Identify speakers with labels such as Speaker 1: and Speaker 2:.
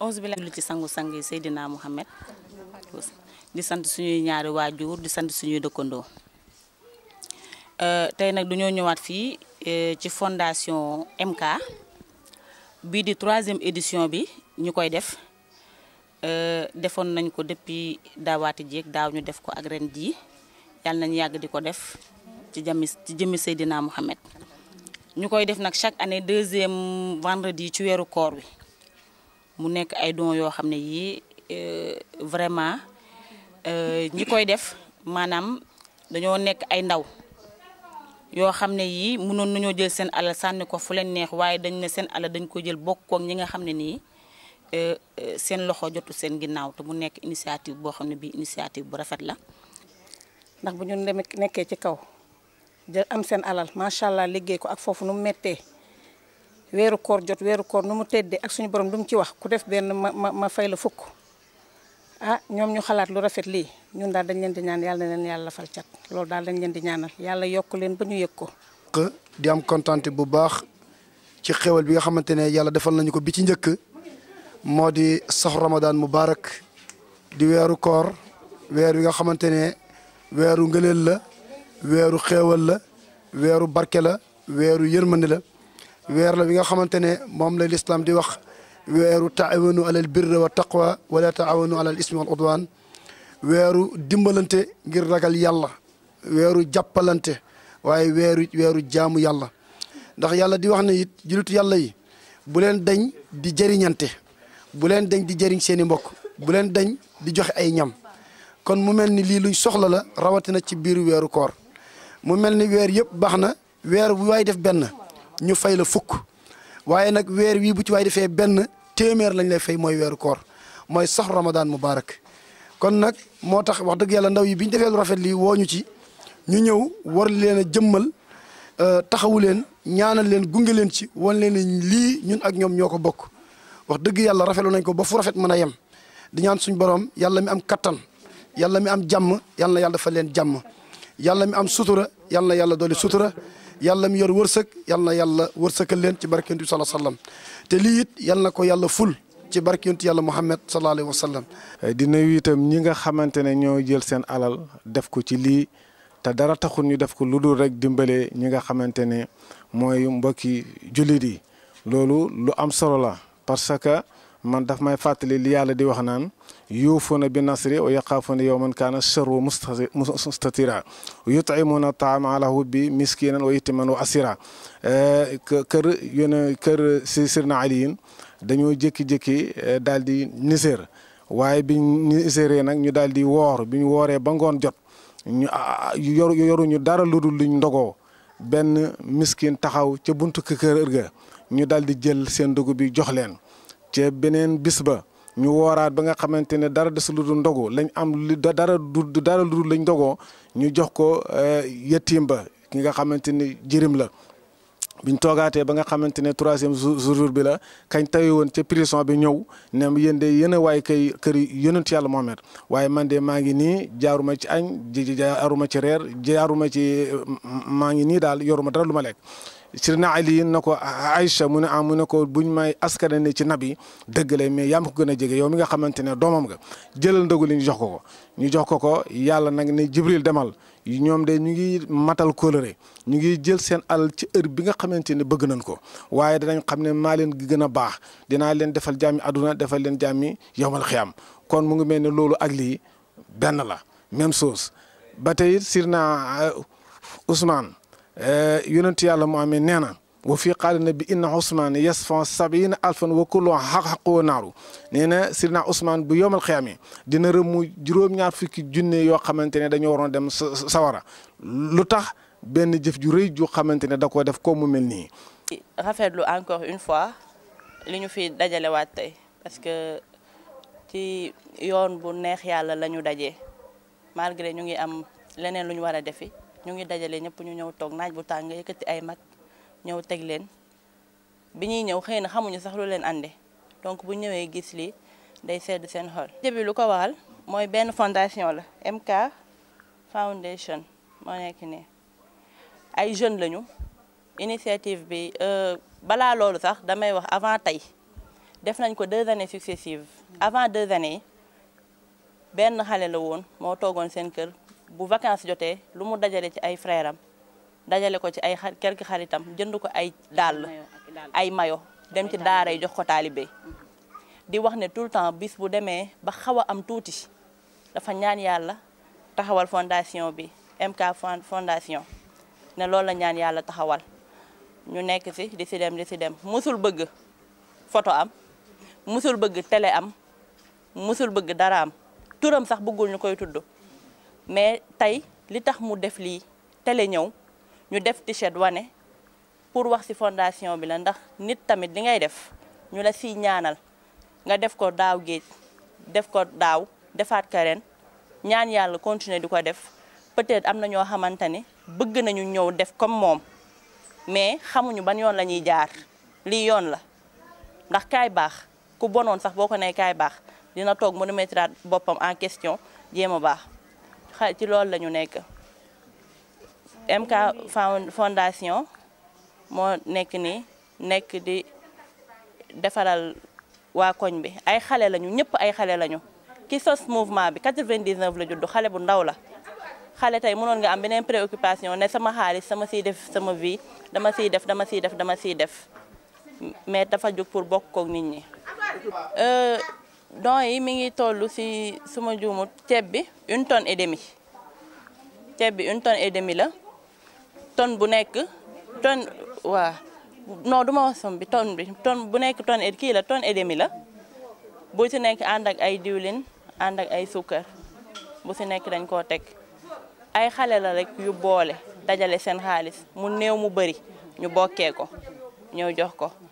Speaker 1: onze bi la ci sangu sang yi Seydina Mouhamed di sant suñuy ñaari waajur di sant suñuy dëkkandoo eh, tey nag dañoo ñëwaat fii eh, ci fondation MK bii di troisième édition bi ñu koy def eh, defoon nañ ko depuis daawaati jéeg daaw ñu def ko ak ren jii yàlla nañ yàgg di ko def ci jami ci jëmmi Seydina Mouhamed ñu koy def nag chaque année deuxième vendredi ci weeru koor wi mu nekk ay dons yoo xam ne yii euh, vraiment euh, ñi koy def maanaam dañoo nekk ay ndaw yoo xam ne yii mënoon nañoo jël seen alal sànni ko fu leen neex waaye dañ ne seen alal dañ ko jël bokk ñi nga xam ne nii euh, seen loxo jotu seen ginnaaw te mu nekk initiative boo xam ne bii initiative bu rafet la ndax bu ñu nekkee ci kaw. jël am seen alal macha allah liggéey ko ak foofu nu mu méttee weeru koor jot weeru koor nu mu teddee ak suñu borom lu mu ci wax ku def benn ma ma fay la fukk ah ñoom ñu xalaat lu rafet lii ñun daal dañ leen di ñaan yàlla na leen yàlla fal cat daal dañ leen di ñaanal yàlla yokk leen ba ñu yëg ko.
Speaker 2: di am kontante bu baax ci xewal bi nga xamante ne yàlla defal nañu ko bi ci njëkk moo di sax Ramadan Mubarak di weeru koor weer wi nga xamante ne weeru ngëleel la. weeru xewal la weeru barke la weeru yërmande la weer la bi nga xamante ne moom la lislaam di wax weeru taawanu alal birri wa taqwa wala taawanu alal ismi wal udwan weeru dimbalante ngir ragal yàlla weeru jàppalante waaye weeru weeru jaamu yàlla ndax yàlla di wax na it julitu yàlla yi bu leen dañ di jëriñante bu leen dañ di jëriñ seeni mbokk bu leen dañ di joxe ay ñam kon mu mel ni lii luñ soxla la rawatina ci biir weeru koor mu mel ni weer yëpp baax na weer bu waay def benn ñu fay la fukk waaye nag weer wii bu ci waay defee benn téeméer lañ lay fay mooy weeru koor mooy sax Ramadan mubarak kon nag moo tax wax dëgg yàlla ndaw yi bi ñu defee lu rafet lii woo ñu ci ñu ñëw war leen a jëmmal euh, taxawu leen ñaanal leen gunge leen ci wan leen lii ñun ak ñoom ñoo ko bokk wax dëgg yàlla rafetlu nañ ko ba fu rafet mën a yem di ñaan suñu borom yàlla mi am kattan yàlla mi am jàmm yàlla yàlla dafa leen jàmm. yàlla mi am sutura yalla yàlla dooli sutura yàlla mi yor wërsëg yàlla na yàlla wërsëgal leen ci barke yonent bi sallallahu alayhi te lii it yàlla na ko yàlla ful ci barke
Speaker 3: yonent yàlla Muhammad sallallahu alayhi wa sallam. Eh, di nuyu itam ñi nga xamante ne ñoo jël seen alal def ko ci lii te dara taxul ñu def ko lu dul rek dimbalee ñi nga xamante ne mooy mbokki jullit yi loolu lu am solo la parce que. man dafa may fàttali li yàlla di wax naan yuufuuna bi nasri wa yaqaafuuna yawman kaana sharru mustatira yut'imuuna taama ala hubbi miskinan wa yatiman wa asira eh, kër yone kër si sirna aliyin dañoo jékki-jékki eh, daal di niséer waaye bi niséeree nag ñu daal di woor bi ñu wooree ba ngoon jot ñu yoru yoruñu dara lu dul luñ ndogoo benn miskin taxaw ca buntu kër ga ñu daal di jël seen dugub bi jox leen ca beneen bis ba ñu wooraat ba nga xamante ne dara des lu dul lañ am lu dara du dara lu lañ ndogoo ñu jox ko eh, yëttiim ba ki nga xamante ni jërim la. biñ toogaatee ba nga xamante ne troisième jour bi la kañ tawee woon ca prison bi ñëw ne yéen de yéen a waay kay kër yonent yàlla Mohamed waaye man de maa ngi nii jaaruma ci añ jaaruma ci reer jaaruma ci maa ngi nii daal yoruma dara lu ma lekk. Sirna Ali na ko Aïcha mu ne ah mu ne ko buñ may ne ci nabi dëgg la mais yaa ma ko gën a jege yow mi nga xamante ne doomam nga jëlal ndogu li ñu jox ko ko ñu jox ko ko yàlla nag ne Jibril demal ñoom de ñu ngi matal kóolare ñu ngi jël seen alal ci heure bi nga xamante ne bëgg nañ ko waaye danañ xam ne maa leen gi gën a baax dinaa leen defal jàmmi àdduna defal leen jàmmi yowmal xiyaam kon mu ngi mel ne loolu ak lii benn la même chose ba tey it Sirna euh, Ousmane. Eh, yonent yàlla mu amee nee na wa fii qaala na bi inna Ousmane yasfan sabina alfan wa kullu xaqoo naaru nee na sidna Ousmane bu yomal xiyaam dina rëmu juróom-ñaar fukki junne yoo xamante ne dañoo waroon dem sawara lu tax benn jëf ju rëy xamante ne da koo def ko mu mel nii.
Speaker 4: rafetlu encore une fois li ñu fi dajalewaat tey parce que ci yoon bu neex yàlla la ñu dajee malgré ñu ngi am leneen lu ñu war a defi. ñu ngi dajale ñëpp ñu ñëw toog naaj bu tàng nga yëkkati ay mag ñëw teg leen bi ñuy ñëw xëy na xamuñu sax lu leen ande donc bu ñëwee gis lii day sedd seen xol. projet bi lu ko waral mooy benn fondation la MK Foundation moo nekk ne ay jeunes lañu initiative bi euh, balaa loolu sax damay wax avant tey def nañ ko deux années successives avant deux années benn xale la woon moo toogoon seen kër. bu vacances jotee lu mu dajale ci ay frère dajale ko ci ay quelques xaritam jënd ko ay dàll ay mayo dem ci daara yi jox ko taalibe mm-hmm. di wax ne tout le temps bis bu demee ba xaw a am tuuti dafa ñaan yàlla taxawal fondation bi MK fondation ne loolu la ñaan yàlla taxawal ñu nekk si di si dem di si dem musul bëgg photo am musul bëgg télé am musul bëgg dara am turam sax bëggul ñu koy tudd mais tey li tax mu def lii télé ñëw ñu def t-shirt wane pour wax ci fondation bi la ndax nit tamit li ngay def ñu la siy ñaanal nga def ko daaw géej def ko daaw defaat ko ren ñaan yàlla continuer di ko def peut-être am na ñoo xamante ne bëgg nañu ñëw def comme moom mais xamuñu ban yoon la ñuy jaar lii yoon la ndax kaay baax ku bonoon sax boo ko nee kaay baax dina toog mu remettre boppam en question jéem a baax xa ci loolu la ñu nekk MK fondation moo nekk nii nekk di defaral waa koñ bi ay xale lañu ñëpp ay xale lañu ki sos mouvement bi 99 la juddu xale bu ndaw la xale tey mënoon nga am beneen préoccupation ne sama xaalis sama siy def sama vie dama siy def dama siy def dama siy def mais dafa jóg pour bokk kook nit ñi euh, don yi mi ngi tollu si suma juumut ceeb bi un tonne et demie ceeb bi une et demie la ton bu nekk ton waa noo du ma wax som bi ton bi tonne bu nekk tonne et kii la tonne et demie la bu si nekk ànd ak ay diwlin ànd ak ay sukkar bu si nekk dañ koo teg ay xale la rekk yu boole dajale seen xaalis mu néew mu bari ñu bokkee ko ñëw jox ko